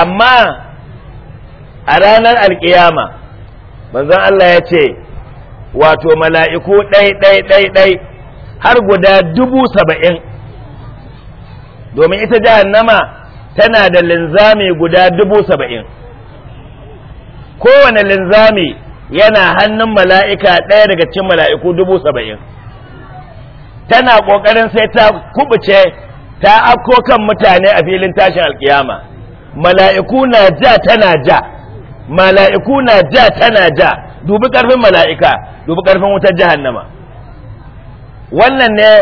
amma a ranar alkiyama manzon Allah ya ce wato mala'iku ɗai-ɗai-ɗai har guda dubu saba'in domin ita nama tana da linzami guda dubu saba'in kowane linzami yana hannun mala'ika ɗaya daga cikin mala'iku dubu saba'in tana ƙoƙarin sai ta kubuce ta afko kan mutane a filin tashin alkiyama mala'iku na ja tana ja mala'iku na ja tana ja dubi ƙarfin mala'ika dubi ƙarfin wutar jahannama wannan ne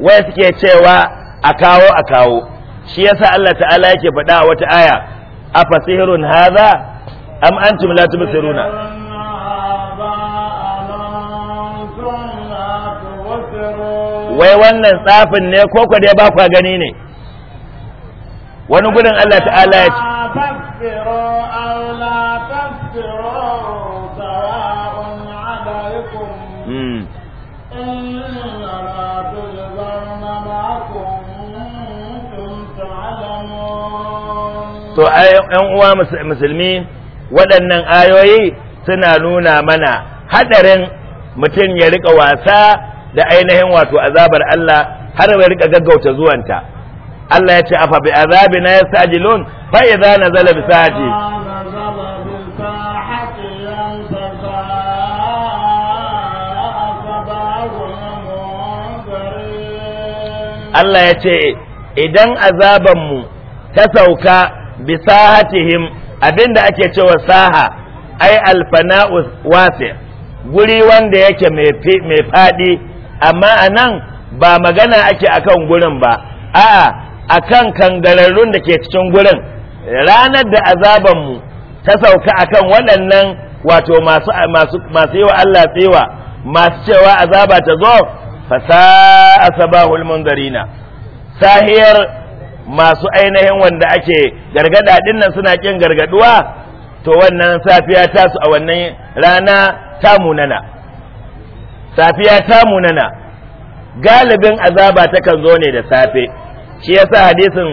wai suke cewa a kawo a kawo shi yasa Allah ta'ala yake faɗa wata aya a fasihirun haza am antum la tubsiruna wai wannan tsafin ne ko ku dai ba ku gani ne wani gudun Allah ta'ala ya ci. to ai yan uwa musulmi waɗannan ayoyi suna nuna mana haɗarin mutum ya rika wasa da ainihin wato azabar Allah har ya rika gaggauta zuwanta Allah ya ce afa bi azabina yastajilun fa idza nazala bi saati Allah ya ce idan azabanmu ta sauka bi sahatihim Abin da ake cewa saha ai alfana'u wasi guri wanda yake mai faɗi amma a nan ba magana ake akan gurin ba a'a akan kangararrun da ke cikin gurin ranar da azabanmu ta sauka akan waɗannan wato masu yi wa Allah tsewa masu cewa azaba ta zo fasa asabahul munzarina sahiyar masu ainihin wanda ake gargada din nan suna kin gargaduwa to wannan safiya ta su a wannan rana ta munana safiya ta munana galibin azaba takan zo ne da safe shi yasa hadisin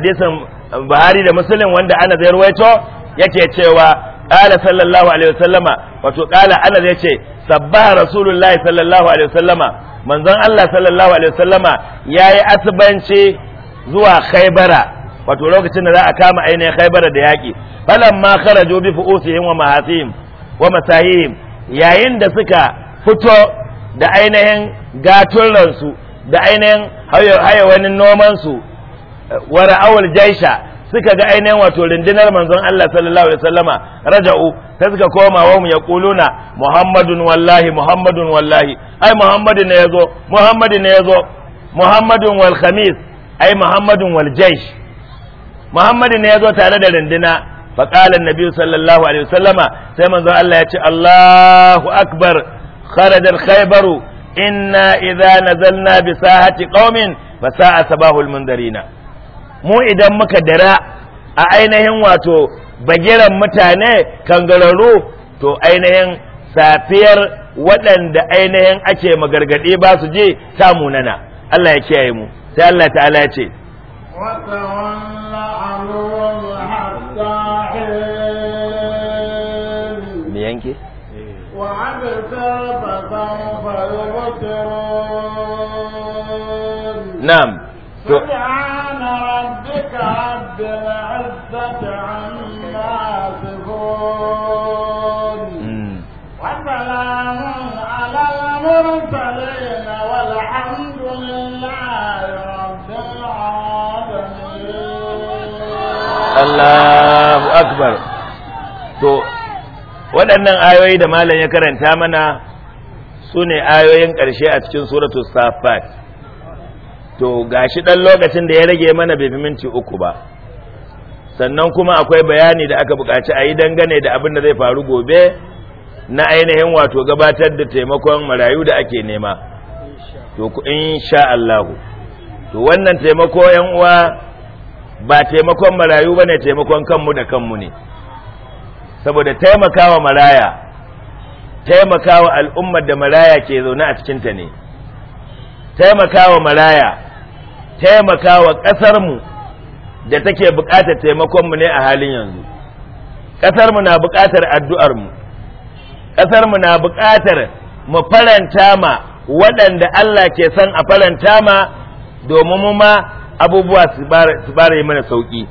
hadisin Buhari da Muslim wanda ana zai ruwaito yake cewa qala sallallahu alaihi wasallama wato qala ana zai ce sabbaha rasulullahi sallallahu alaihi wasallama manzon Allah sallallahu alaihi wasallama yayi asbanci zuwa Khaybara wato lokacin da za a kama ainihin Khaybara da yaki falamma kharaju bi fu'usihim wa mahatihim wa masahihim yayin da suka fito da ainihin gaturansu da ainihin hayawanin noman su wara awal jaisha suka ga ainihin wato rundunar manzon Allah sallallahu alaihi wasallama raja'u sai suka koma wa mu yaquluna muhammadun wallahi muhammadun wallahi ai muhammadin ne yazo muhammadin ne yazo muhammadun wal khamis ai muhammadun wal jaysh muhammadin ne yazo tare da runduna fa qala annabi sallallahu alaihi wasallama sai manzon Allah ya ce Allahu akbar kharaja al khaybaru inna idza nazalna bi sahati qaumin fa sa'a sabahul mundarina mu idan muka dara a ainihin wato bagiran mutane kan kangararru to ainihin safiyar waɗanda ainihin ake magargaɗe ba su je ta munana Allah ya kiyaye mu sai Allah ta'ala ya ce me yanke na'am ربك العزة عما وسلام على المرسلين والحمد لله رب العالمين الله أكبر تو waɗannan ayoyi da malam ya karanta mana su ne ayoyin ƙarshe a cikin suratul safat to gashi dan lokacin da ya rage mana bai fi minti uku ba sannan kuma akwai bayani da aka bukaci a yi dangane da abin da zai faru gobe na ainihin wato gabatar da taimakon marayu da ake nema to sha Allah to wannan taimako yan uwa ba taimakon marayu bane taimakon kanmu da kanmu ne saboda taimakawa maraya taimakawa al'ummar da maraya ke zaune a cikin ta ne taimakawa maraya taimaka wa ƙasarmu da take buƙatar taimakonmu ne a halin yanzu ƙasarmu na buƙatar addu'armu ƙasarmu na buƙatar mu faranta ma waɗanda Allah ke son a faranta ma domin mu ma abubuwa su bare mana sauƙi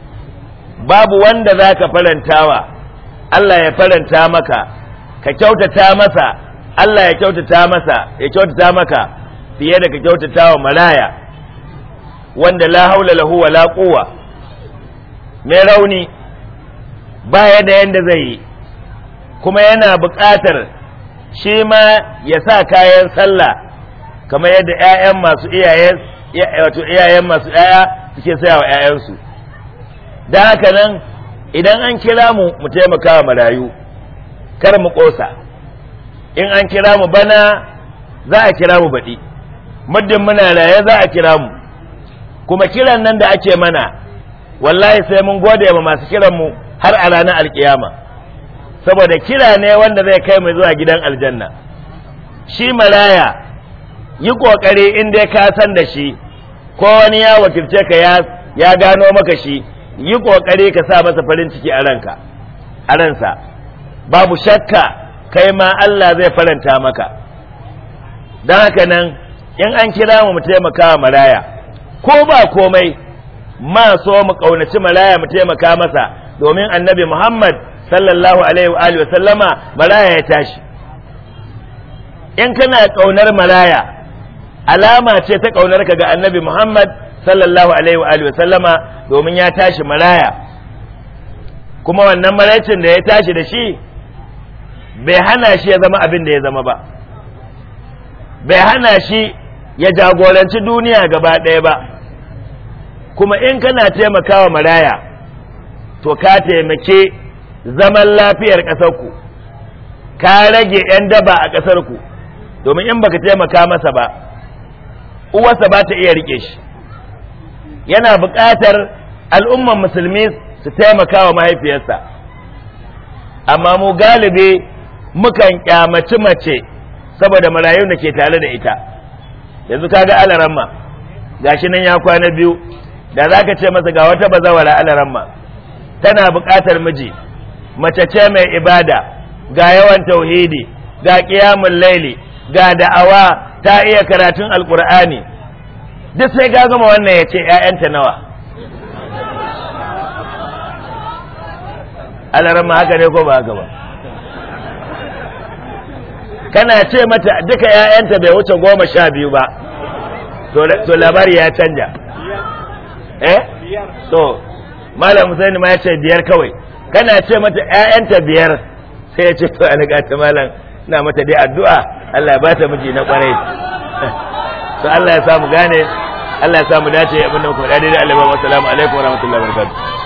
babu wanda za ka farantawa Allah ya faranta maka ka kyautata masa Allah ya kyautata masa ya kyautata maka fiye da ka kyautata wa malaya wanda la haula lahu wala quwwa mai rauni baya da yanda zai yi kuma yana buƙatar shi ma ya sa kayan sallah kamar yadda ƴaƴan masu iyaye wato iyayen masu ƴaƴa suke sayawa wa ƴaƴansu dan haka nan idan an kira mu mu taimaka wa marayu kar mu ƙosa in an kira mu bana za a kira mu baɗi muddin muna raye za a kira mu kuma kiran nan da ake mana wallahi sai mun gode ma masu kiranmu har a ranar alkiyama saboda kira ne wanda zai kai mu zuwa gidan aljanna shi maraya yi ƙoƙari in dai ka san da shi ko wani ya wakilce ka ya gano maka shi yi ƙoƙari ka sa masa farin ciki a ranka a ransa babu shakka kai ma Allah zai faranta maka don haka nan in an kira mu mu taimaka wa maraya ko ba komai ma so mu kaunaci malaya mu taimaka masa domin annabi Muhammad sallallahu alaihi wa alihi sallama malaya ya tashi in kana kaunar malaya alama ce ta kaunar ka ga annabi Muhammad sallallahu alaihi wa alihi sallama domin ya tashi malaya kuma wannan malaicin da ya tashi da shi bai hana shi ya zama abin da ya zama ba bai hana shi ya jagoranci duniya gaba ɗaya ba kuma in kana taimakawa maraya to ka taimake zaman lafiyar ƙasarku ka rage 'yan daba a ƙasarku domin in baka taimaka masa ba uwarsa ba ta iya rike shi yana buƙatar al'umman musulmi su taimaka wa mahaifiyarsa amma mu galibi mukan kyamaci mace saboda marayun da ke tare da ita yanzu kaga alaramma gashi nan ya kwana biyu da zaka ce masa ga wata bazawara alaramma tana buƙatar miji mace ce mai ibada ga yawan tauhidi ga qiyamul laili ga da'awa ta iya karatun alqur'ani duk sai ga gama wannan ce ƴaƴanta nawa alaramma haka ne ko ba haka ba kana ce mata duka ‘ya'yanta bai wuce goma sha biyu ba to labari ya canja eh so malam husaini ma ya ce biyar kawai kana ce mata ‘ya'yanta biyar sai ya ce to alaga ta malam na mata dai addu'a Allah ya ba ta miji na kwarai so Allah ya samu gane Allah ya samu dace abin da kuma daidai da Allah wa salamu alaikum wa rahmatullahi wa barakatuh